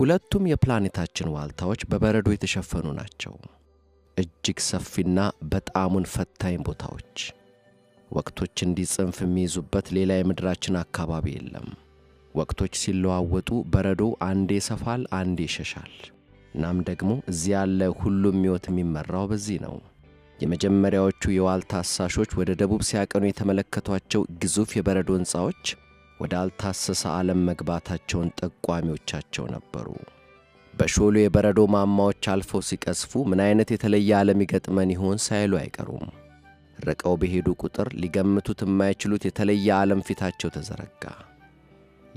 ሁለቱም የፕላኔታችን ዋልታዎች በበረዶ የተሸፈኑ ናቸው። እጅግ ሰፊና በጣሙን ፈታኝ ቦታዎች ወቅቶች እንዲህ ጽንፍ የሚይዙበት ሌላ የምድራችን አካባቢ የለም። ወቅቶች ሲለዋወጡ በረዶ አንዴ ይሰፋል፣ አንዴ ይሸሻል። እናም ደግሞ እዚህ ያለ ሁሉም ሕይወት የሚመራው በዚህ ነው። የመጀመሪያዎቹ የዋልታ አሳሾች ወደ ደቡብ ሲያቀኑ የተመለከቷቸው ግዙፍ የበረዶ ሕንፃዎች ወደ ዓለም መግባታቸውን ጠቋሚዎቻቸው ነበሩ። በሾሉ የበረዶ ማማዎች አልፈው ሲቀስፉ ምን አይነት የተለየ ዓለም ይገጥመን ይሆን ሳይሉ አይቀሩም። ርቀው በሄዱ ቁጥር ሊገምቱት የማይችሉት የተለየ ዓለም ፊታቸው ተዘረጋ።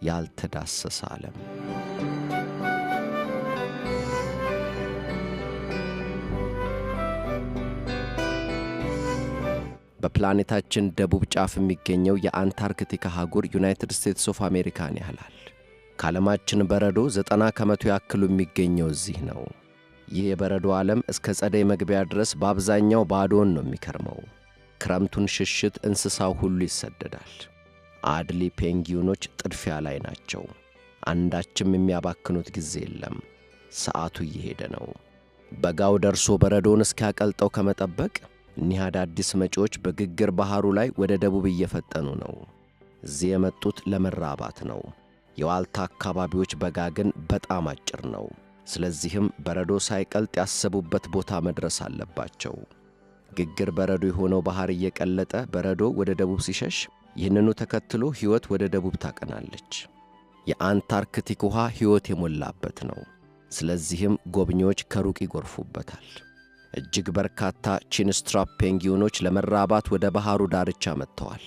ያልተዳሰሰ ዓለም በፕላኔታችን ደቡብ ጫፍ የሚገኘው የአንታርክቲካ አህጉር ዩናይትድ ስቴትስ ኦፍ አሜሪካን ያህላል። ከዓለማችን በረዶ ዘጠና ከመቶ ያክሉ የሚገኘው እዚህ ነው። ይህ የበረዶ ዓለም እስከ ጸደይ መግቢያ ድረስ በአብዛኛው ባዶን ነው የሚከርመው። ክረምቱን ሽሽት እንስሳው ሁሉ ይሰደዳል። አድሊ ፔንግዊኖች ጥድፊያ ላይ ናቸው። አንዳችም የሚያባክኑት ጊዜ የለም። ሰዓቱ እየሄደ ነው። በጋው ደርሶ በረዶን እስኪያቀልጠው ከመጠበቅ እኒህ አዳዲስ መጪዎች በግግር ባሕሩ ላይ ወደ ደቡብ እየፈጠኑ ነው። እዚህ የመጡት ለመራባት ነው። የዋልታ አካባቢዎች በጋ ግን በጣም አጭር ነው። ስለዚህም በረዶ ሳይቀልጥ ያሰቡበት ቦታ መድረስ አለባቸው። ግግር በረዶ የሆነው ባሕር እየቀለጠ በረዶ ወደ ደቡብ ሲሸሽ፣ ይህንኑ ተከትሎ ሕይወት ወደ ደቡብ ታቀናለች። የአንታርክቲክ ውሃ ሕይወት የሞላበት ነው። ስለዚህም ጎብኚዎች ከሩቅ ይጎርፉበታል። እጅግ በርካታ ቺንስትራፕ ፔንግዊኖች ለመራባት ወደ ባህሩ ዳርቻ መጥተዋል።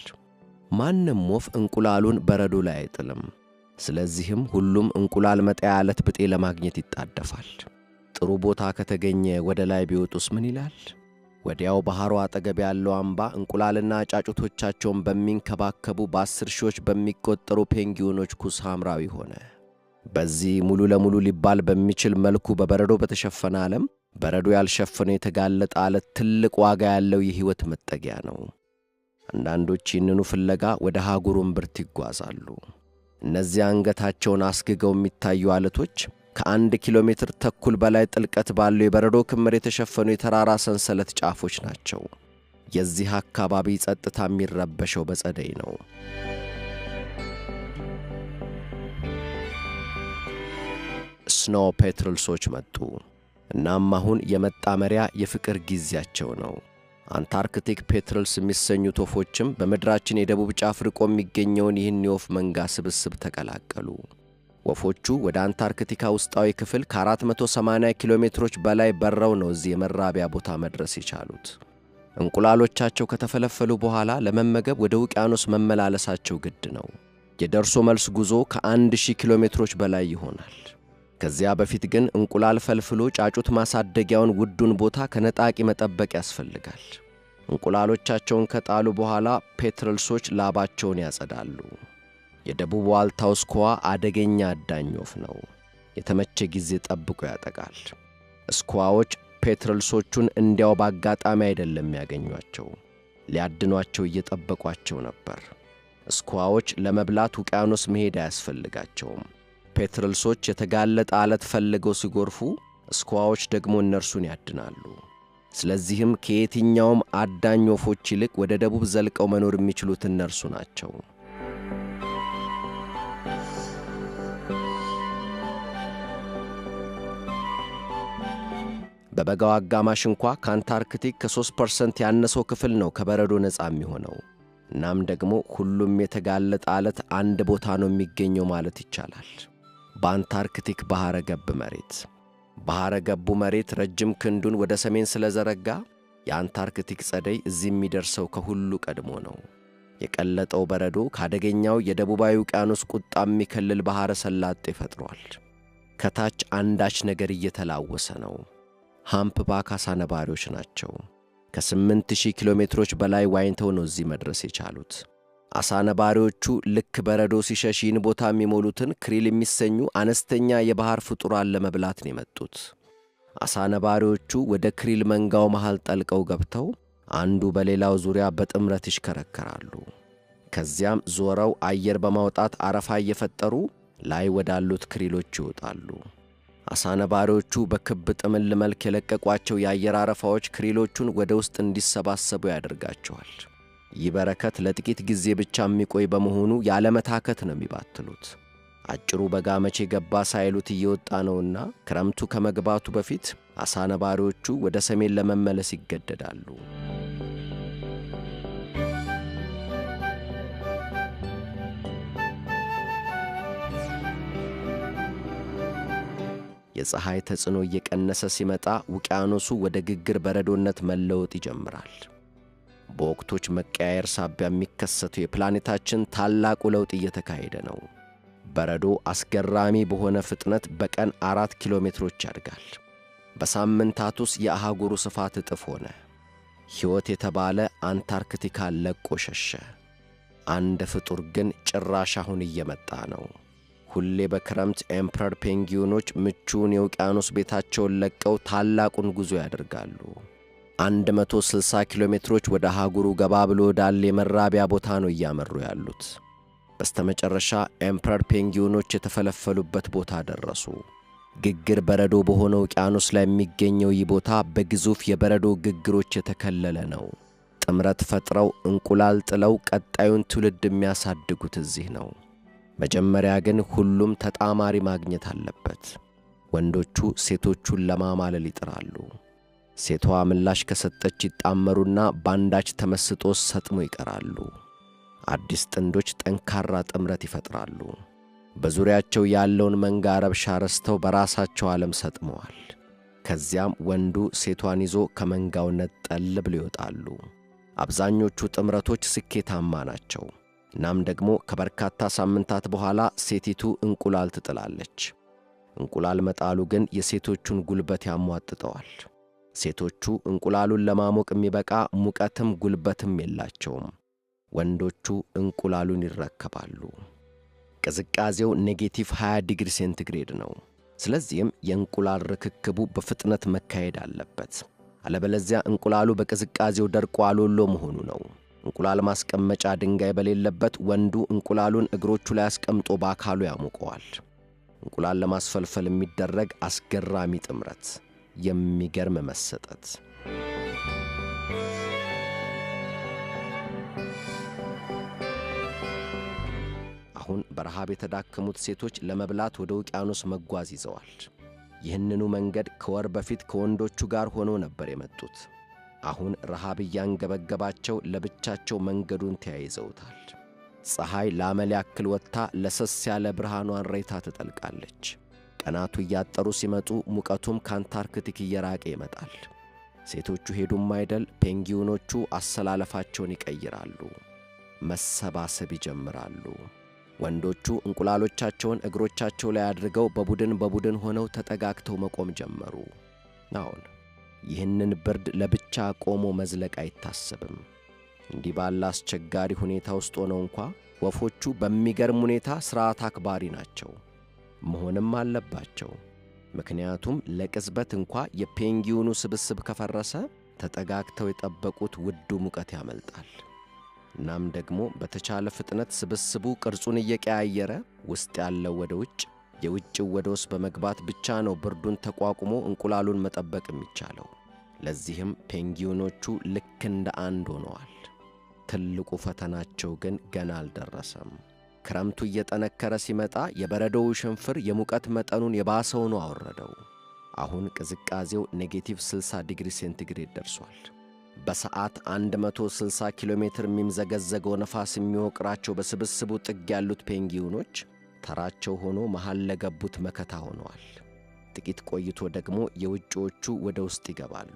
ማንም ወፍ እንቁላሉን በረዶ ላይ አይጥልም። ስለዚህም ሁሉም እንቁላል መጣያ ዓለት ብጤ ለማግኘት ይጣደፋል። ጥሩ ቦታ ከተገኘ ወደ ላይ ቢወጡስ ምን ይላል? ወዲያው ባህሩ አጠገብ ያለው አምባ እንቁላልና ጫጩቶቻቸውን በሚንከባከቡ በአስር ሺዎች በሚቆጠሩ ፔንግዊኖች ኩስ ሐምራዊ ሆነ። በዚህ ሙሉ ለሙሉ ሊባል በሚችል መልኩ በበረዶ በተሸፈነ ዓለም በረዶ ያልሸፈነ የተጋለጠ አለት ትልቅ ዋጋ ያለው የሕይወት መጠጊያ ነው። አንዳንዶች ይህንኑ ፍለጋ ወደ ሀገሩ እምብርት ይጓዛሉ። እነዚህ አንገታቸውን አስግገው የሚታዩ አለቶች ከአንድ ኪሎ ሜትር ተኩል በላይ ጥልቀት ባለው የበረዶ ክምር የተሸፈኑ የተራራ ሰንሰለት ጫፎች ናቸው። የዚህ አካባቢ ጸጥታ የሚረበሸው በጸደይ ነው። ስኖው ፔትርልሶች መጡ። እናም አሁን የመጣመሪያ የፍቅር ጊዜያቸው ነው። አንታርክቲክ ፔትረልስ የሚሰኙት ወፎችም በምድራችን የደቡብ ጫፍ ርቆ የሚገኘውን ይህን የወፍ መንጋ ስብስብ ተቀላቀሉ። ወፎቹ ወደ አንታርክቲካ ውስጣዊ ክፍል ከ480 ኪሎ ሜትሮች በላይ በረው ነው እዚህ የመራቢያ ቦታ መድረስ የቻሉት። እንቁላሎቻቸው ከተፈለፈሉ በኋላ ለመመገብ ወደ ውቅያኖስ መመላለሳቸው ግድ ነው። የደርሶ መልስ ጉዞ ከ1000 ኪሎ ሜትሮች በላይ ይሆናል። ከዚያ በፊት ግን እንቁላል ፈልፍሎ ጫጩት ማሳደጊያውን ውዱን ቦታ ከነጣቂ መጠበቅ ያስፈልጋል። እንቁላሎቻቸውን ከጣሉ በኋላ ፔትረልሶች ላባቸውን ያጸዳሉ። የደቡብ ዋልታው ስኮዋ አደገኛ አዳኝ ወፍ ነው። የተመቸ ጊዜ ጠብቆ ያጠቃል። ስኮዋዎች ፔትረልሶቹን እንዲያው በአጋጣሚ አይደለም ያገኟቸው፣ ሊያድኗቸው እየጠበቋቸው ነበር። እስኳዎች ለመብላት ውቅያኖስ መሄድ አያስፈልጋቸውም። ፔትረልሶች የተጋለጠ አለት ፈልገው ሲጎርፉ፣ እስኳዎች ደግሞ እነርሱን ያድናሉ። ስለዚህም ከየትኛውም አዳኝ ወፎች ይልቅ ወደ ደቡብ ዘልቀው መኖር የሚችሉት እነርሱ ናቸው። በበጋው አጋማሽ እንኳ ከአንታርክቲክ ከ3 ፐርሰንት ያነሰው ክፍል ነው ከበረዶ ነፃ የሚሆነው። እናም ደግሞ ሁሉም የተጋለጠ አለት አንድ ቦታ ነው የሚገኘው ማለት ይቻላል። በአንታርክቲክ ባሕረ ገብ መሬት ባሕረ ገቡ መሬት ረጅም ክንዱን ወደ ሰሜን ስለዘረጋ የአንታርክቲክ ጸደይ እዚህ የሚደርሰው ከሁሉ ቀድሞ ነው። የቀለጠው በረዶ ከአደገኛው የደቡባዊ ውቅያኖስ ቁጣ የሚከልል ባሕረ ሰላጤ ፈጥሯል። ከታች አንዳች ነገር እየተላወሰ ነው። ሃምፕ ባክ አሳ ነባሪዎች ናቸው። ከ8,000 ኪሎ ሜትሮች በላይ ዋኝተው ነው እዚህ መድረስ የቻሉት። አሳ ነባሪዎቹ ልክ በረዶ ሲሸሽ ይህን ቦታ የሚሞሉትን ክሪል የሚሰኙ አነስተኛ የባህር ፍጡራን ለመብላት ነው የመጡት። አሳ ነባሪዎቹ ወደ ክሪል መንጋው መሃል ጠልቀው ገብተው አንዱ በሌላው ዙሪያ በጥምረት ይሽከረከራሉ። ከዚያም ዞረው አየር በማውጣት አረፋ እየፈጠሩ ላይ ወዳሉት ክሪሎች ይወጣሉ። አሳ ነባሪዎቹ በክብ ጥምል መልክ የለቀቋቸው የአየር አረፋዎች ክሪሎቹን ወደ ውስጥ እንዲሰባሰቡ ያደርጋቸዋል። ይህ በረከት ለጥቂት ጊዜ ብቻ የሚቆይ በመሆኑ ያለመታከት ነው የሚባትሉት። አጭሩ በጋ መቼ ገባ ሳይሉት እየወጣ ነውና ክረምቱ ከመግባቱ በፊት አሳ ነባሪዎቹ ወደ ሰሜን ለመመለስ ይገደዳሉ። የፀሐይ ተጽዕኖ እየቀነሰ ሲመጣ ውቅያኖሱ ወደ ግግር በረዶነት መለወጥ ይጀምራል። በወቅቶች መቀያየር ሳቢያ የሚከሰተው የፕላኔታችን ታላቁ ለውጥ እየተካሄደ ነው። በረዶ አስገራሚ በሆነ ፍጥነት በቀን አራት ኪሎ ሜትሮች ያድጋል። በሳምንታት ውስጥ የአህጉሩ ስፋት እጥፍ ሆነ። ሕይወት የተባለ አንታርክቲካ ለቆ ሸሸ። አንድ ፍጡር ግን ጭራሽ አሁን እየመጣ ነው። ሁሌ በክረምት ኤምፐረር ፔንጊዮኖች ምቹውን የውቅያኖስ ቤታቸውን ለቀው ታላቁን ጉዞ ያደርጋሉ። 160 ኪሎ ሜትሮች ወደ አህጉሩ ገባ ብሎ ወዳለ የመራቢያ ቦታ ነው እያመሩ ያሉት። በስተመጨረሻ ኤምፐረር ፔንጊዮኖች የተፈለፈሉበት ቦታ ደረሱ። ግግር በረዶ በሆነው ውቅያኖስ ላይ የሚገኘው ይህ ቦታ በግዙፍ የበረዶ ግግሮች የተከለለ ነው። ጥምረት ፈጥረው እንቁላል ጥለው ቀጣዩን ትውልድ የሚያሳድጉት እዚህ ነው። መጀመሪያ ግን ሁሉም ተጣማሪ ማግኘት አለበት። ወንዶቹ ሴቶቹን ለማማለል ይጥራሉ። ሴቷ ምላሽ ከሰጠች ይጣመሩና ባንዳች ተመስጦ ሰጥሞ ይቀራሉ። አዲስ ጥንዶች ጠንካራ ጥምረት ይፈጥራሉ። በዙሪያቸው ያለውን መንጋ ረብሻ ረስተው በራሳቸው ዓለም ሰጥመዋል። ከዚያም ወንዱ ሴቷን ይዞ ከመንጋው ነጠል ብሎ ይወጣሉ። አብዛኞቹ ጥምረቶች ስኬታማ ናቸው። እናም ደግሞ ከበርካታ ሳምንታት በኋላ ሴቲቱ እንቁላል ትጥላለች። እንቁላል መጣሉ ግን የሴቶቹን ጉልበት ያሟጥጠዋል። ሴቶቹ እንቁላሉን ለማሞቅ የሚበቃ ሙቀትም ጉልበትም የላቸውም። ወንዶቹ እንቁላሉን ይረከባሉ። ቅዝቃዜው ኔጌቲቭ 20 ዲግሪ ሴንቲግሬድ ነው። ስለዚህም የእንቁላል ርክክቡ በፍጥነት መካሄድ አለበት። አለበለዚያ እንቁላሉ በቅዝቃዜው ደርቆ አሎሎ መሆኑ ነው። እንቁላል ማስቀመጫ ድንጋይ በሌለበት ወንዱ እንቁላሉን እግሮቹ ላይ አስቀምጦ በአካሉ ያሞቀዋል። እንቁላል ለማስፈልፈል የሚደረግ አስገራሚ ጥምረት የሚገርም መሰጠት አሁን በረሃብ የተዳከሙት ሴቶች ለመብላት ወደ ውቅያኖስ መጓዝ ይዘዋል። ይህንኑ መንገድ ከወር በፊት ከወንዶቹ ጋር ሆነው ነበር የመጡት። አሁን ረሃብ እያንገበገባቸው ለብቻቸው መንገዱን ተያይዘውታል። ፀሐይ ለአመል ያክል ወጥታ ለሰስ ያለ ብርሃኗን ሬታ ትጠልቃለች። ቀናቱ እያጠሩ ሲመጡ ሙቀቱም ከአንታርክቲክ እየራቀ ይመጣል። ሴቶቹ ሄዱም አይደል ፔንግዊኖቹ አሰላለፋቸውን ይቀይራሉ፣ መሰባሰብ ይጀምራሉ። ወንዶቹ እንቁላሎቻቸውን እግሮቻቸው ላይ አድርገው በቡድን በቡድን ሆነው ተጠጋግተው መቆም ጀመሩ። አዎን ይህንን ብርድ ለብቻ ቆሞ መዝለቅ አይታሰብም። እንዲህ ባለ አስቸጋሪ ሁኔታ ውስጥ ሆነው እንኳ ወፎቹ በሚገርም ሁኔታ ሥርዓት አክባሪ ናቸው። መሆንም አለባቸው። ምክንያቱም ለቅጽበት እንኳ የፔንጊውኑ ስብስብ ከፈረሰ ተጠጋግተው የጠበቁት ውዱ ሙቀት ያመልጣል። እናም ደግሞ በተቻለ ፍጥነት ስብስቡ ቅርጹን እየቀያየረ ውስጥ ያለው ወደ ውጭ፣ የውጭው ወደ ውስጥ በመግባት ብቻ ነው ብርዱን ተቋቁሞ እንቁላሉን መጠበቅ የሚቻለው። ለዚህም ፔንጊዮኖቹ ልክ እንደ አንድ ሆነዋል። ትልቁ ፈተናቸው ግን ገና አልደረሰም። ክረምቱ እየጠነከረ ሲመጣ የበረዶው ሽንፍር የሙቀት መጠኑን የባሰውኑ አወረደው። አሁን ቅዝቃዜው ኔጌቲቭ 60 ዲግሪ ሴንቲግሬድ ደርሷል። በሰዓት 160 ኪሎ ሜትር የሚምዘገዘገው ነፋስ የሚወቅራቸው በስብስቡ ጥግ ያሉት ፔንግዊኖች ተራቸው ሆኖ መሃል ለገቡት መከታ ሆነዋል። ጥቂት ቆይቶ ደግሞ የውጭዎቹ ወደ ውስጥ ይገባሉ።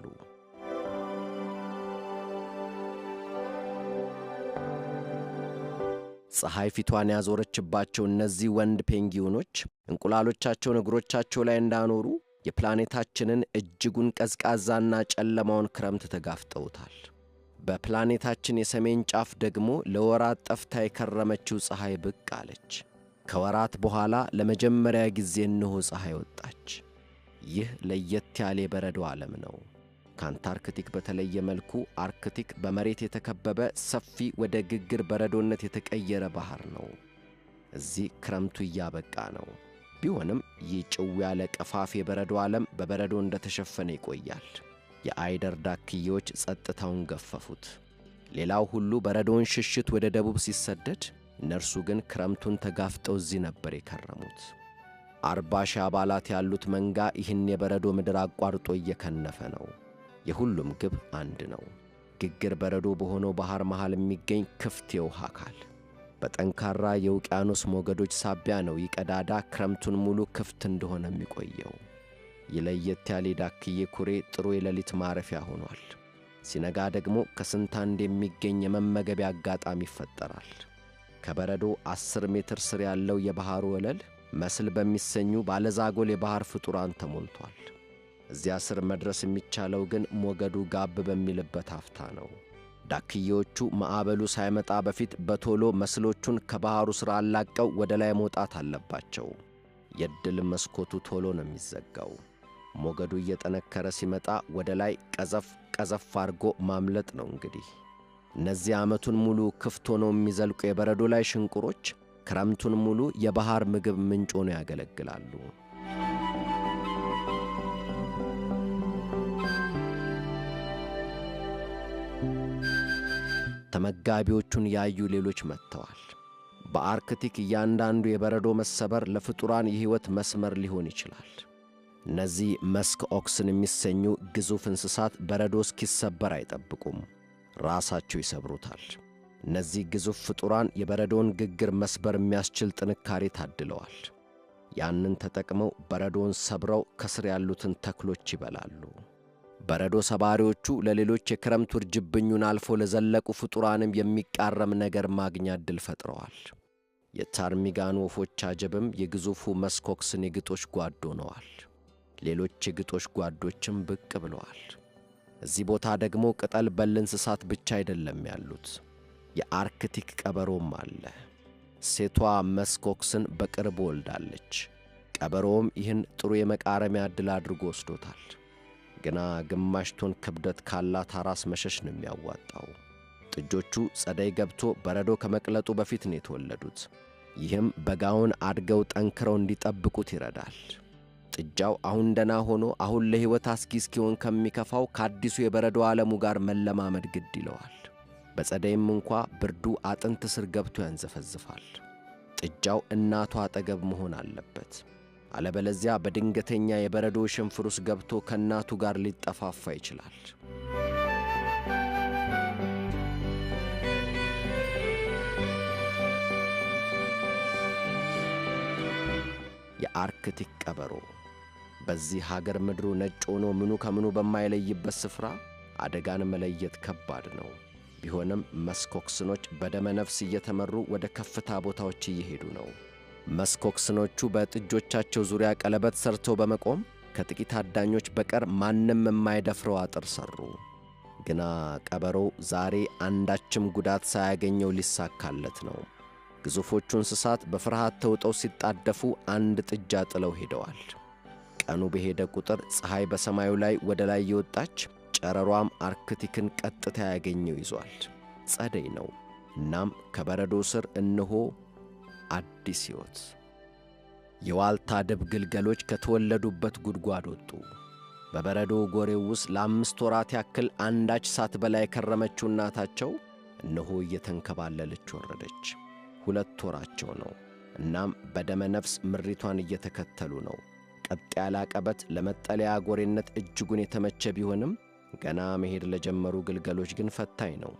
ፀሐይ ፊቷን ያዞረችባቸው እነዚህ ወንድ ፔንግዊኖች እንቁላሎቻቸውን እግሮቻቸው ላይ እንዳኖሩ የፕላኔታችንን እጅጉን ቀዝቃዛና ጨለማውን ክረምት ተጋፍጠውታል። በፕላኔታችን የሰሜን ጫፍ ደግሞ ለወራት ጠፍታ የከረመችው ፀሐይ ብቅ አለች። ከወራት በኋላ ለመጀመሪያ ጊዜ እንሆ ፀሐይ ወጣች። ይህ ለየት ያለ የበረዶ ዓለም ነው። ከአንታርክቲክ በተለየ መልኩ አርክቲክ በመሬት የተከበበ ሰፊ ወደ ግግር በረዶነት የተቀየረ ባህር ነው። እዚህ ክረምቱ እያበቃ ነው። ቢሆንም ይህ ጭው ያለ ቀፋፍ የበረዶ ዓለም በበረዶ እንደተሸፈነ ይቆያል። የአይደር ዳክዬዎች ጸጥታውን ገፈፉት። ሌላው ሁሉ በረዶውን ሽሽት ወደ ደቡብ ሲሰደድ፣ እነርሱ ግን ክረምቱን ተጋፍጠው እዚህ ነበር የከረሙት። አርባ ሺህ አባላት ያሉት መንጋ ይህን የበረዶ ምድር አቋርጦ እየከነፈ ነው። የሁሉም ግብ አንድ ነው። ግግር በረዶ በሆነው ባሕር መሃል የሚገኝ ክፍት የውሃ አካል በጠንካራ የውቅያኖስ ሞገዶች ሳቢያ ነው ይቀዳዳ ክረምቱን ሙሉ ክፍት እንደሆነ የሚቆየው። የለየት ያለ ዳክዬ ኩሬ ጥሩ የሌሊት ማረፊያ ሆኗል። ሲነጋ ደግሞ ከስንት አንድ የሚገኝ የመመገቢያ አጋጣሚ ይፈጠራል። ከበረዶ ዐሥር ሜትር ስር ያለው የባሕሩ ወለል መስል በሚሰኙ ባለዛጎል የባሕር ፍጡራን ተሞልቷል። እዚያ ስር መድረስ የሚቻለው ግን ሞገዱ ጋብ በሚልበት አፍታ ነው። ዳክዬዎቹ ማዕበሉ ሳይመጣ በፊት በቶሎ መስሎቹን ከባሕሩ ሥር አላቀው ወደ ላይ መውጣት አለባቸው። የድል መስኮቱ ቶሎ ነው የሚዘጋው። ሞገዱ እየጠነከረ ሲመጣ ወደ ላይ ቀዘፍ ቀዘፍ አድርጎ ማምለጥ ነው እንግዲህ። እነዚህ ዓመቱን ሙሉ ክፍት ሆነው የሚዘልቁ የበረዶ ላይ ሽንቁሮች ክረምቱን ሙሉ የባሕር ምግብ ምንጭ ሆነው ያገለግላሉ። ተመጋቢዎቹን ያዩ ሌሎች መጥተዋል። በአርክቲክ እያንዳንዱ የበረዶ መሰበር ለፍጡራን የሕይወት መስመር ሊሆን ይችላል። እነዚህ መስክ ኦክስን የሚሰኙ ግዙፍ እንስሳት በረዶ እስኪሰበር አይጠብቁም፣ ራሳቸው ይሰብሩታል። እነዚህ ግዙፍ ፍጡራን የበረዶውን ግግር መስበር የሚያስችል ጥንካሬ ታድለዋል። ያንን ተጠቅመው በረዶውን ሰብረው ከስር ያሉትን ተክሎች ይበላሉ። በረዶ ሰባሪዎቹ ለሌሎች የክረምት ውርጅብኙን አልፎ ለዘለቁ ፍጡራንም የሚቃረም ነገር ማግኛ ዕድል ፈጥረዋል። የታርሚጋን ወፎች አጀብም የግዙፉ መስኮክስን የግጦሽ ጓዶ ነዋል። ሌሎች የግጦሽ ጓዶችም ብቅ ብለዋል። እዚህ ቦታ ደግሞ ቅጠል በል እንስሳት ብቻ አይደለም ያሉት፣ የአርክቲክ ቀበሮም አለ። ሴቷ መስኮክስን በቅርብ ወልዳለች። ቀበሮም ይህን ጥሩ የመቃረሚያ ዕድል አድርጎ ወስዶታል። ገና ግማሽ ቶን ክብደት ካላት አራስ መሸሽ ነው የሚያዋጣው። ጥጆቹ ጸደይ ገብቶ በረዶ ከመቅለጡ በፊት ነው የተወለዱት። ይህም በጋውን አድገው ጠንክረው እንዲጠብቁት ይረዳል። ጥጃው አሁን ደና ሆኖ አሁን ለሕይወት አስጊ እስኪሆን ከሚከፋው ከአዲሱ የበረዶ ዓለሙ ጋር መለማመድ ግድ ይለዋል። በጸደይም እንኳ ብርዱ አጥንት ስር ገብቶ ያንዘፈዝፋል። ጥጃው እናቱ አጠገብ መሆን አለበት። አለበለዚያ በድንገተኛ የበረዶ ሽንፍር ውስጥ ገብቶ ከእናቱ ጋር ሊጠፋፋ ይችላል። የአርክቲክ ቀበሮ በዚህ ሀገር ምድሩ ነጭ ሆኖ ምኑ ከምኑ በማይለይበት ስፍራ አደጋን መለየት ከባድ ነው። ቢሆንም መስኮክስኖች በደመ ነፍስ እየተመሩ ወደ ከፍታ ቦታዎች እየሄዱ ነው። መስኮክስኖቹ በጥጆቻቸው ዙሪያ ቀለበት ሰርተው በመቆም ከጥቂት አዳኞች በቀር ማንም የማይደፍረው አጥር ሰሩ። ግና ቀበሮው ዛሬ አንዳችም ጉዳት ሳያገኘው ሊሳካለት ነው። ግዙፎቹ እንስሳት በፍርሃት ተውጠው ሲጣደፉ አንድ ጥጃ ጥለው ሄደዋል። ቀኑ በሄደ ቁጥር ፀሐይ በሰማዩ ላይ ወደ ላይ የወጣች ጨረሯም አርክቲክን ቀጥታ ያገኘው ይዟል። ጸደይ ነው። እናም ከበረዶ ስር እነሆ አዲስ ሕይወት። የዋልታ ድብ ግልገሎች ከተወለዱበት ጉድጓድ ወጡ። በበረዶ ጎሬው ውስጥ ለአምስት ወራት ያክል አንዳች በላይ የከረመችው እናታቸው እነሆ እየተንከባለለች ወረደች። ሁለት ወራቸው ነው። እናም በደመ ነፍስ ምሪቷን እየተከተሉ ነው። ቀጥ ያለ አቀበት ለመጠለያ ጎሬነት እጅጉን የተመቸ ቢሆንም ገና መሄድ ለጀመሩ ግልገሎች ግን ፈታኝ ነው።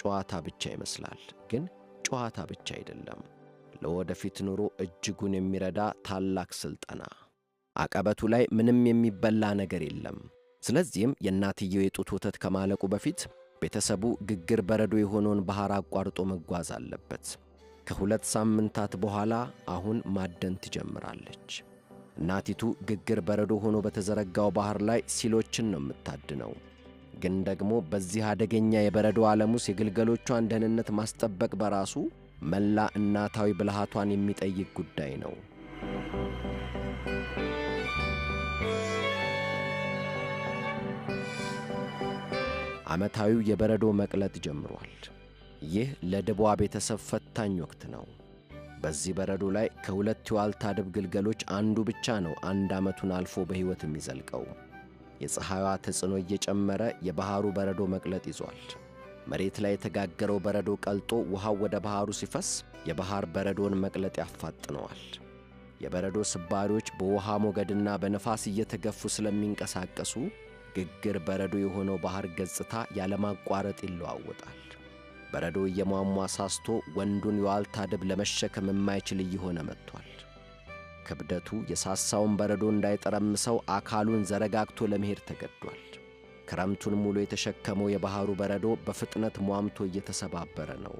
ጨዋታ ብቻ ይመስላል፣ ግን ጨዋታ ብቻ አይደለም። ለወደፊት ኑሮ እጅጉን የሚረዳ ታላቅ ሥልጠና። አቀበቱ ላይ ምንም የሚበላ ነገር የለም። ስለዚህም የእናትየው የጡት ወተት ከማለቁ በፊት ቤተሰቡ ግግር በረዶ የሆነውን ባሕር አቋርጦ መጓዝ አለበት። ከሁለት ሳምንታት በኋላ አሁን ማደን ትጀምራለች። እናቲቱ ግግር በረዶ ሆኖ በተዘረጋው ባሕር ላይ ሲሎችን ነው የምታድነው። ግን ደግሞ በዚህ አደገኛ የበረዶ ዓለም ውስጥ የግልገሎቿን ደህንነት ማስጠበቅ በራሱ መላ እናታዊ ብልሃቷን የሚጠይቅ ጉዳይ ነው። ዓመታዊው የበረዶ መቅለጥ ጀምሯል። ይህ ለድቧ ቤተሰብ ፈታኝ ወቅት ነው። በዚህ በረዶ ላይ ከሁለት የዋልታ ድብ ግልገሎች አንዱ ብቻ ነው አንድ ዓመቱን አልፎ በሕይወት የሚዘልቀው። የፀሐይዋ ተጽዕኖ እየጨመረ የባሕሩ በረዶ መቅለጥ ይዟል። መሬት ላይ የተጋገረው በረዶ ቀልጦ ውሃው ወደ ባሕሩ ሲፈስ የባሕር በረዶን መቅለጥ ያፋጥነዋል። የበረዶ ስባሪዎች በውሃ ሞገድና በነፋስ እየተገፉ ስለሚንቀሳቀሱ ግግር በረዶ የሆነው ባሕር ገጽታ ያለማቋረጥ ይለዋወጣል። በረዶ እየሟሟ ሳስቶ ወንዱን የዋልታ ድብ ለመሸከም የማይችል እየሆነ መጥቷል። ክብደቱ የሳሳውን በረዶ እንዳይጠረምሰው አካሉን ዘረጋግቶ ለመሄድ ተገዷል። ክረምቱን ሙሉ የተሸከመው የባህሩ በረዶ በፍጥነት ሟምቶ እየተሰባበረ ነው።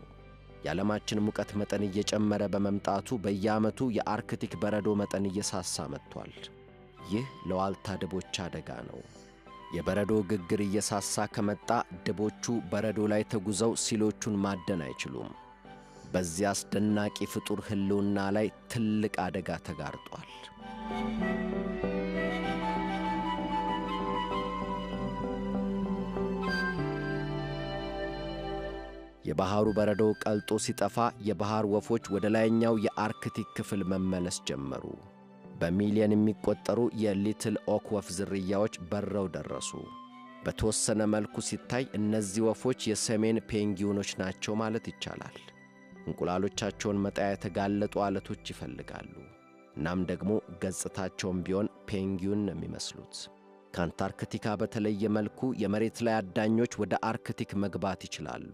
የዓለማችን ሙቀት መጠን እየጨመረ በመምጣቱ በየዓመቱ የአርክቲክ በረዶ መጠን እየሳሳ መጥቷል። ይህ ለዋልታ ድቦች አደጋ ነው። የበረዶ ግግር እየሳሳ ከመጣ ድቦቹ በረዶ ላይ ተጉዘው ሲሎቹን ማደን አይችሉም። በዚህ አስደናቂ ፍጡር ሕልውና ላይ ትልቅ አደጋ ተጋርጧል። የባህሩ በረዶ ቀልጦ ሲጠፋ የባህር ወፎች ወደ ላይኛው የአርክቲክ ክፍል መመለስ ጀመሩ። በሚሊዮን የሚቆጠሩ የሊትል ኦክ ወፍ ዝርያዎች በረው ደረሱ። በተወሰነ መልኩ ሲታይ እነዚህ ወፎች የሰሜን ፔንግዊኖች ናቸው ማለት ይቻላል። እንቁላሎቻቸውን መጣያ የተጋለጡ አለቶች ይፈልጋሉ። እናም ደግሞ ገጽታቸውም ቢሆን ፔንግዊን ነው የሚመስሉት። ከአንታርክቲካ በተለየ መልኩ የመሬት ላይ አዳኞች ወደ አርክቲክ መግባት ይችላሉ።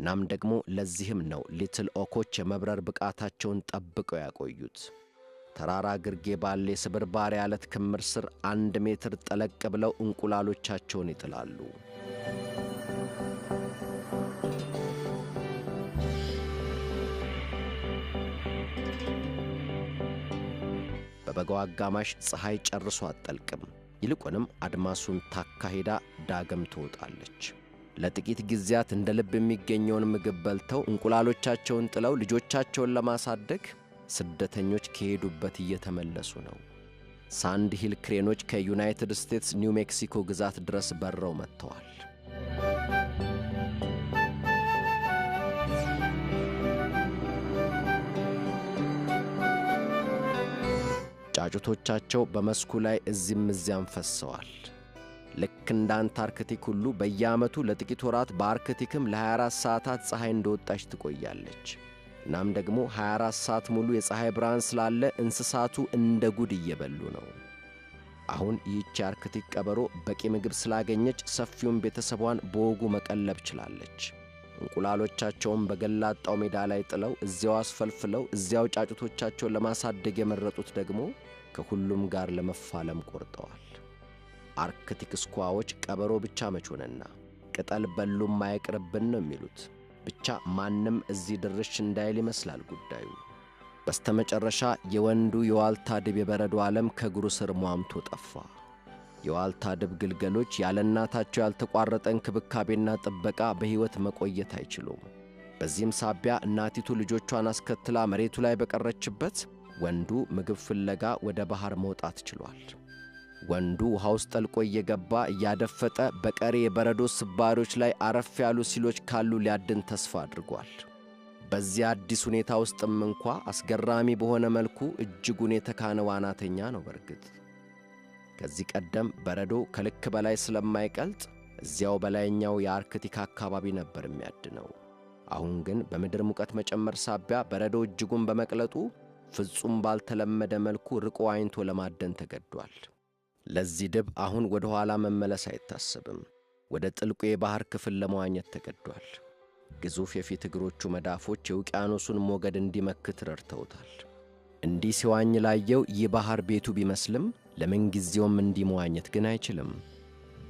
እናም ደግሞ ለዚህም ነው ሊትል ኦኮች የመብረር ብቃታቸውን ጠብቀው ያቆዩት። ተራራ ግርጌ ባለ የስብርባሪ አለት ክምር ስር አንድ ሜትር ጠለቅ ብለው እንቁላሎቻቸውን ይጥላሉ። በበጋው አጋማሽ ፀሐይ ጨርሶ አትጠልቅም። ይልቁንም አድማሱን ታካሂዳ ዳግም ትወጣለች። ለጥቂት ጊዜያት እንደ ልብ የሚገኘውን ምግብ በልተው እንቁላሎቻቸውን ጥለው ልጆቻቸውን ለማሳደግ ስደተኞች ከሄዱበት እየተመለሱ ነው። ሳንድ ሂል ክሬኖች ከዩናይትድ ስቴትስ ኒው ሜክሲኮ ግዛት ድረስ በረው መጥተዋል። ጫጩቶቻቸው በመስኩ ላይ እዚህም እዚያም ፈሰዋል። ልክ እንደ አንታርክቲክ ሁሉ በየዓመቱ ለጥቂት ወራት በአርክቲክም ለ24 ሰዓታት ፀሐይ እንደወጣች ትቆያለች። እናም ደግሞ 24 ሰዓት ሙሉ የፀሐይ ብርሃን ስላለ እንስሳቱ እንደ ጉድ እየበሉ ነው። አሁን ይህች የአርክቲክ ቀበሮ በቂ ምግብ ስላገኘች ሰፊውን ቤተሰቧን በወጉ መቀለብ ችላለች። እንቁላሎቻቸውን በገላጣው ሜዳ ላይ ጥለው እዚያው አስፈልፍለው እዚያው ጫጩቶቻቸውን ለማሳደግ የመረጡት ደግሞ ከሁሉም ጋር ለመፋለም ቆርጠዋል። አርክቲክ ስኳዎች ቀበሮ ብቻ መቾነና ቅጠል በሉም አይቅርብን ነው የሚሉት። ብቻ ማንም እዚህ ድርሽ እንዳይል ይመስላል ጉዳዩ። በስተመጨረሻ የወንዱ የዋልታ ድብ የበረዶ ዓለም ከእግሩ ስር ሟምቶ ጠፋ። የዋልታ ድብ ግልገሎች ያለ እናታቸው ያልተቋረጠ እንክብካቤና ጥበቃ በሕይወት መቆየት አይችሉም። በዚህም ሳቢያ እናቲቱ ልጆቿን አስከትላ መሬቱ ላይ በቀረችበት ወንዱ ምግብ ፍለጋ ወደ ባሕር መውጣት ችሏል። ወንዱ ውሃ ውስጥ ጠልቆ እየገባ እያደፈጠ በቀሪ የበረዶ ስባሪዎች ላይ አረፍ ያሉ ሲሎች ካሉ ሊያድን ተስፋ አድርጓል። በዚያ አዲስ ሁኔታ ውስጥም እንኳ አስገራሚ በሆነ መልኩ እጅጉን የተካነ ዋናተኛ ነው። በርግጥ ከዚህ ቀደም በረዶ ከልክ በላይ ስለማይቀልጥ እዚያው በላይኛው የአርክቲክ አካባቢ ነበር የሚያድነው። አሁን ግን በምድር ሙቀት መጨመር ሳቢያ በረዶ እጅጉን በመቅለጡ ፍጹም ባልተለመደ መልኩ ርቆ አይንቶ ለማደን ተገዷል። ለዚህ ድብ አሁን ወደ ኋላ መመለስ አይታሰብም። ወደ ጥልቁ የባሕር ክፍል ለመዋኘት ተገዷል። ግዙፍ የፊት እግሮቹ መዳፎች የውቅያኖሱን ሞገድ እንዲመክት ረድተውታል። እንዲህ ሲዋኝ ላየው ይህ ባሕር ቤቱ ቢመስልም ለምንጊዜውም እንዲህ መዋኘት ግን አይችልም።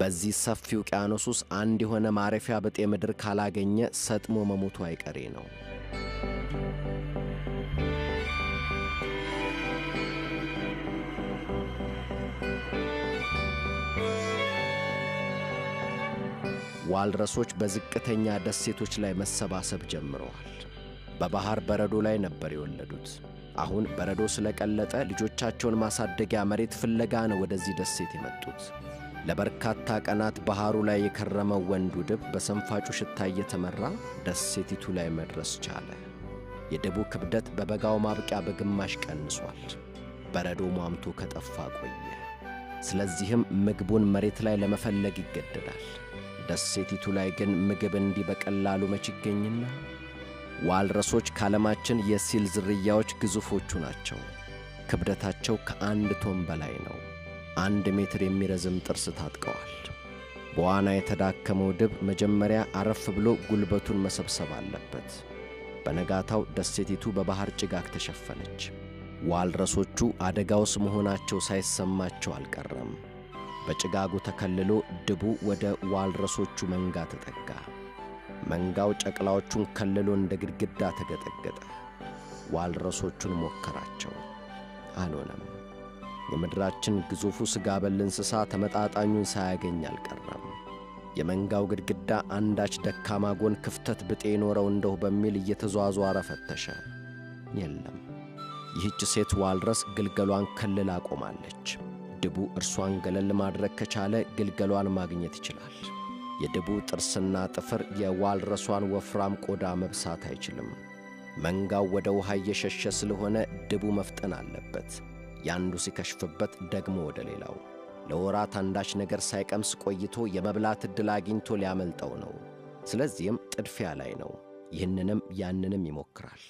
በዚህ ሰፊ ውቅያኖስ ውስጥ አንድ የሆነ ማረፊያ በጤ ምድር ካላገኘ ሰጥሞ መሞቱ አይቀሬ ነው። ዋልረሶች በዝቅተኛ ደሴቶች ላይ መሰባሰብ ጀምረዋል። በባህር በረዶ ላይ ነበር የወለዱት። አሁን በረዶ ስለቀለጠ ልጆቻቸውን ማሳደጊያ መሬት ፍለጋ ነው ወደዚህ ደሴት የመጡት። ለበርካታ ቀናት ባህሩ ላይ የከረመው ወንዱ ድብ በሰንፋጩ ሽታ እየተመራ ደሴቲቱ ላይ መድረስ ቻለ። የድቡ ክብደት በበጋው ማብቂያ በግማሽ ቀንሷል። በረዶ ሟምቶ ከጠፋ ቆየ። ስለዚህም ምግቡን መሬት ላይ ለመፈለግ ይገደዳል። ደሴቲቱ ላይ ግን ምግብ እንዲህ በቀላሉ መች ይገኝና? ዋልረሶች ከዓለማችን የሲል ዝርያዎች ግዙፎቹ ናቸው። ክብደታቸው ከአንድ ቶን በላይ ነው። አንድ ሜትር የሚረዝም ጥርስ ታጥቀዋል። በዋና የተዳከመው ድብ መጀመሪያ አረፍ ብሎ ጉልበቱን መሰብሰብ አለበት። በነጋታው ደሴቲቱ በባሕር ጭጋግ ተሸፈነች። ዋልረሶቹ አደጋውስ መሆናቸው ሳይሰማቸው አልቀረም። በጭጋጉ ተከልሎ ድቡ ወደ ዋልረሶቹ መንጋ ተጠጋ። መንጋው ጨቅላዎቹን ከልሎ እንደ ግድግዳ ተገጠገጠ። ዋልረሶቹን ሞከራቸው፣ አልሆነም። የምድራችን ግዙፉ ሥጋ በል እንስሳ ተመጣጣኙን ሳያገኝ አልቀረም። የመንጋው ግድግዳ አንዳች ደካማ ጎን ክፍተት ብጤ ኖረው እንደሁ በሚል እየተዟዟረ ፈተሸ። የለም፣ ይህች ሴት ዋልረስ ግልገሏን ከልላ ቆማለች። ድቡ እርሷን ገለል ማድረግ ከቻለ ግልገሏን ማግኘት ይችላል። የድቡ ጥርስና ጥፍር የዋልረሷን ወፍራም ቆዳ መብሳት አይችልም። መንጋው ወደ ውሃ እየሸሸ ስለሆነ ድቡ መፍጠን አለበት። ያንዱ ሲከሽፍበት ደግሞ ወደ ሌላው። ለወራት አንዳች ነገር ሳይቀምስ ቆይቶ የመብላት ዕድል አግኝቶ ሊያመልጠው ነው። ስለዚህም ጥድፊያ ላይ ነው። ይህንንም ያንንም ይሞክራል።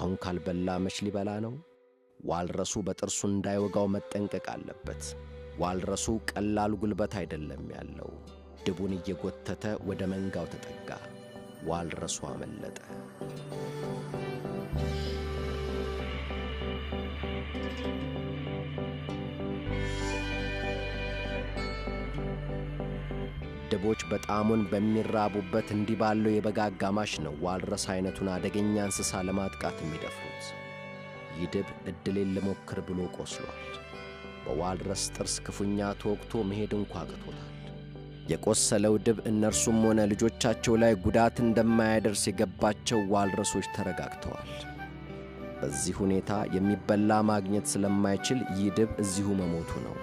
አሁን ካልበላ መች ሊበላ ነው? ዋልረሱ በጥርሱ እንዳይወጋው መጠንቀቅ አለበት። ዋልረሱ ቀላል ጉልበት አይደለም ያለው። ድቡን እየጎተተ ወደ መንጋው ተጠጋ። ዋልረሱ አመለጠ። ድቦች በጣሙን በሚራቡበት እንዲህ ባለው የበጋ አጋማሽ ነው ዋልረስ አይነቱን አደገኛ እንስሳ ለማጥቃት የሚደፍሩት። ይድብ ዕድሌን ልሞክር ብሎ ቆስሏል። በዋልረስ ጥርስ ክፉኛ ተወቅቶ መሄድ እንኳ አቅቶታል። የቆሰለው ድብ እነርሱም ሆነ ልጆቻቸው ላይ ጉዳት እንደማያደርስ የገባቸው ዋልረሶች ተረጋግተዋል። በዚህ ሁኔታ የሚበላ ማግኘት ስለማይችል ይህ ድብ እዚሁ መሞቱ ነው።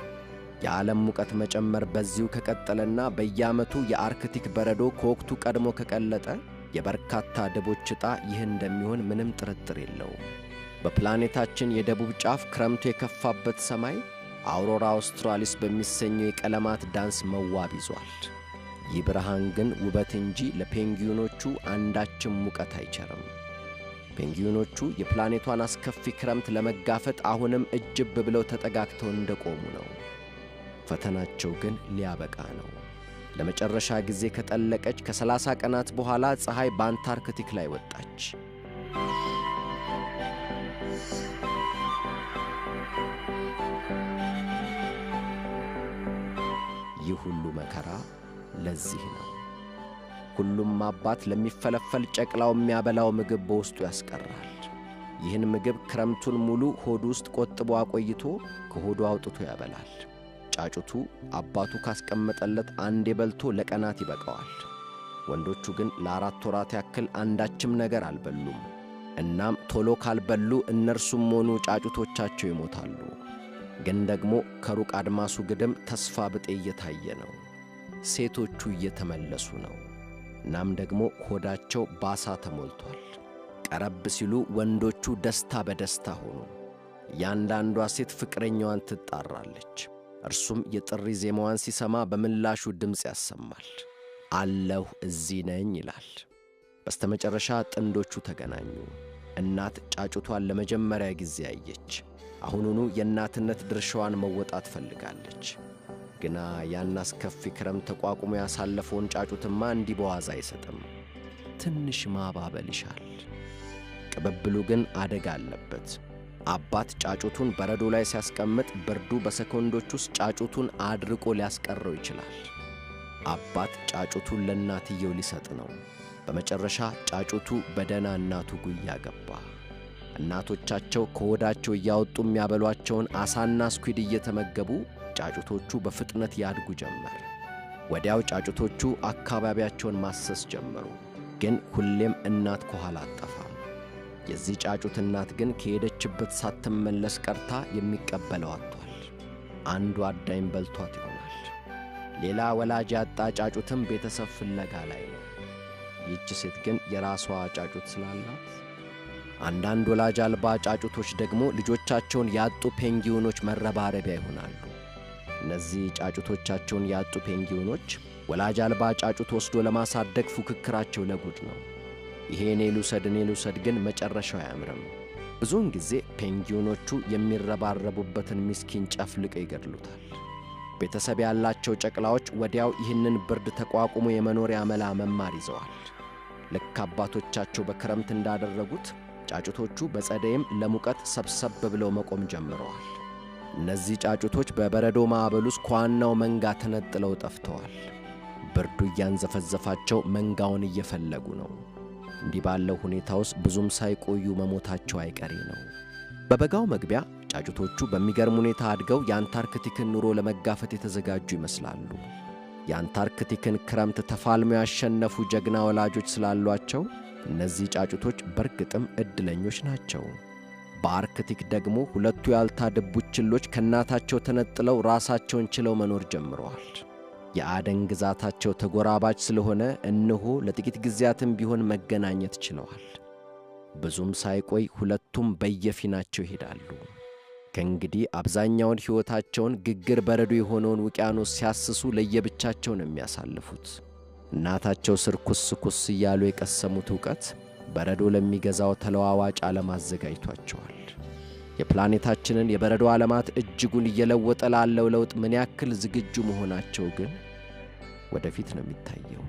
የዓለም ሙቀት መጨመር በዚሁ ከቀጠለና በየዓመቱ የአርክቲክ በረዶ ከወቅቱ ቀድሞ ከቀለጠ የበርካታ ድቦች ዕጣ ይህ እንደሚሆን ምንም ጥርጥር የለውም። በፕላኔታችን የደቡብ ጫፍ ክረምቱ የከፋበት ሰማይ አውሮራ አውስትራሊስ በሚሰኘው የቀለማት ዳንስ መዋብ ይዟል። ይህ ብርሃን ግን ውበት እንጂ ለፔንግዊኖቹ አንዳችም ሙቀት አይቸርም። ፔንግዊኖቹ የፕላኔቷን አስከፊ ክረምት ለመጋፈጥ አሁንም እጅብ ብለው ተጠጋግተው እንደቆሙ ነው። ፈተናቸው ግን ሊያበቃ ነው። ለመጨረሻ ጊዜ ከጠለቀች ከ30 ቀናት በኋላ ፀሐይ በአንታርክቲክ ላይ ወጣች። ይህ ሁሉ መከራ ለዚህ ነው። ሁሉም አባት ለሚፈለፈል ጨቅላው የሚያበላው ምግብ በውስጡ ያስቀራል። ይህን ምግብ ክረምቱን ሙሉ ሆዱ ውስጥ ቆጥቦ አቆይቶ ከሆዱ አውጥቶ ያበላል። ጫጩቱ አባቱ ካስቀመጠለት አንዴ በልቶ ለቀናት ይበቃዋል። ወንዶቹ ግን ለአራት ወራት ያክል አንዳችም ነገር አልበሉም። እናም ቶሎ ካልበሉ እነርሱም ሆኑ ጫጩቶቻቸው ይሞታሉ። ግን ደግሞ ከሩቅ አድማሱ ግድም ተስፋ ብጤ እየታየ ነው። ሴቶቹ እየተመለሱ ነው። እናም ደግሞ ሆዳቸው ባሳ ተሞልቷል። ቀረብ ሲሉ ወንዶቹ ደስታ በደስታ ሆኑ። እያንዳንዷ ሴት ፍቅረኛዋን ትጣራለች። እርሱም የጥሪ ዜማዋን ሲሰማ በምላሹ ድምፅ ያሰማል። አለሁ እዚህ ነኝ ይላል። በስተመጨረሻ ጥንዶቹ ተገናኙ። እናት ጫጩቷን ለመጀመሪያ ጊዜ አየች። አሁኑኑ የእናትነት ድርሻዋን መወጣት ፈልጋለች። ግና ያን አስከፊ ክረምት ተቋቁሞ ያሳለፈውን ጫጩትማ እንዲህ በዋዛ አይሰጥም። ትንሽ ማባበል ይሻል። ቅብብሉ ግን አደጋ አለበት። አባት ጫጩቱን በረዶ ላይ ሲያስቀምጥ ብርዱ በሰኮንዶች ውስጥ ጫጩቱን አድርቆ ሊያስቀረው ይችላል። አባት ጫጩቱን ለእናትየው ሊሰጥ ነው። በመጨረሻ ጫጩቱ በደና እናቱ ጉያ ገባ። እናቶቻቸው ከወዳቸው እያወጡ የሚያበሏቸውን አሳና ስኩድ እየተመገቡ ጫጩቶቹ በፍጥነት ያድጉ ጀመር። ወዲያው ጫጩቶቹ አካባቢያቸውን ማሰስ ጀመሩ። ግን ሁሌም እናት ከኋላ አጠፋም። የዚህ ጫጩት እናት ግን ከሄደችበት ሳትመለስ ቀርታ የሚቀበለው አጥቷል። አንዱ አዳኝ በልቷት ይሆናል። ሌላ ወላጅ ያጣ ጫጩትም ቤተሰብ ፍለጋ ላይ ነው። ይህች ሴት ግን የራሷ ጫጩት ስላላት አንዳንድ ወላጅ አልባ ጫጩቶች ደግሞ ልጆቻቸውን ያጡ ፔንግዊኖች መረባረቢያ ይሆናሉ። እነዚህ ጫጩቶቻቸውን ያጡ ፔንግዊኖች ወላጅ አልባ ጫጩት ወስዶ ለማሳደግ ፉክክራቸው ለጉድ ነው። ይሄ እኔ ልውሰድ እኔ ልውሰድ ግን መጨረሻው አያምርም። ብዙውን ጊዜ ፔንግዊኖቹ የሚረባረቡበትን ምስኪን ጨፍልቅ ይገድሉታል። ቤተሰብ ያላቸው ጨቅላዎች ወዲያው ይህንን ብርድ ተቋቁሞ የመኖሪያ መላ መማር ይዘዋል። ልክ አባቶቻቸው በክረምት እንዳደረጉት ጫጩቶቹ በጸደይም ለሙቀት ሰብሰብ ብለው መቆም ጀምረዋል። እነዚህ ጫጩቶች በበረዶ ማዕበል ውስጥ ከዋናው መንጋ ተነጥለው ጠፍተዋል። ብርዱ እያንዘፈዘፋቸው መንጋውን እየፈለጉ ነው። እንዲህ ባለው ሁኔታ ውስጥ ብዙም ሳይቆዩ መሞታቸው አይቀሬ ነው። በበጋው መግቢያ ጫጩቶቹ በሚገርም ሁኔታ አድገው የአንታርክቲክን ኑሮ ለመጋፈት የተዘጋጁ ይመስላሉ። የአንታርክቲክን ክረምት ተፋልመው ያሸነፉ ጀግና ወላጆች ስላሏቸው እነዚህ ጫጩቶች በርግጥም ዕድለኞች ናቸው። በአርክቲክ ደግሞ ሁለቱ የአልታ ድቡችሎች ከእናታቸው ተነጥለው ራሳቸውን ችለው መኖር ጀምረዋል። የአደን ግዛታቸው ተጎራባች ስለሆነ እነሆ ለጥቂት ጊዜያትም ቢሆን መገናኘት ችለዋል። ብዙም ሳይቆይ ሁለቱም በየፊናቸው ይሄዳሉ። ከእንግዲህ አብዛኛውን ሕይወታቸውን ግግር በረዶ የሆነውን ውቅያኖስ ሲያስሱ ለየብቻቸው ነው የሚያሳልፉት። እናታቸው ስር ኩስ ኩስ እያሉ የቀሰሙት እውቀት በረዶ ለሚገዛው ተለዋዋጭ ዓለም አዘጋጅቷቸዋል። የፕላኔታችንን የበረዶ ዓለማት እጅጉን እየለወጠ ላለው ለውጥ ምን ያክል ዝግጁ መሆናቸው ግን ወደፊት ነው የሚታየው።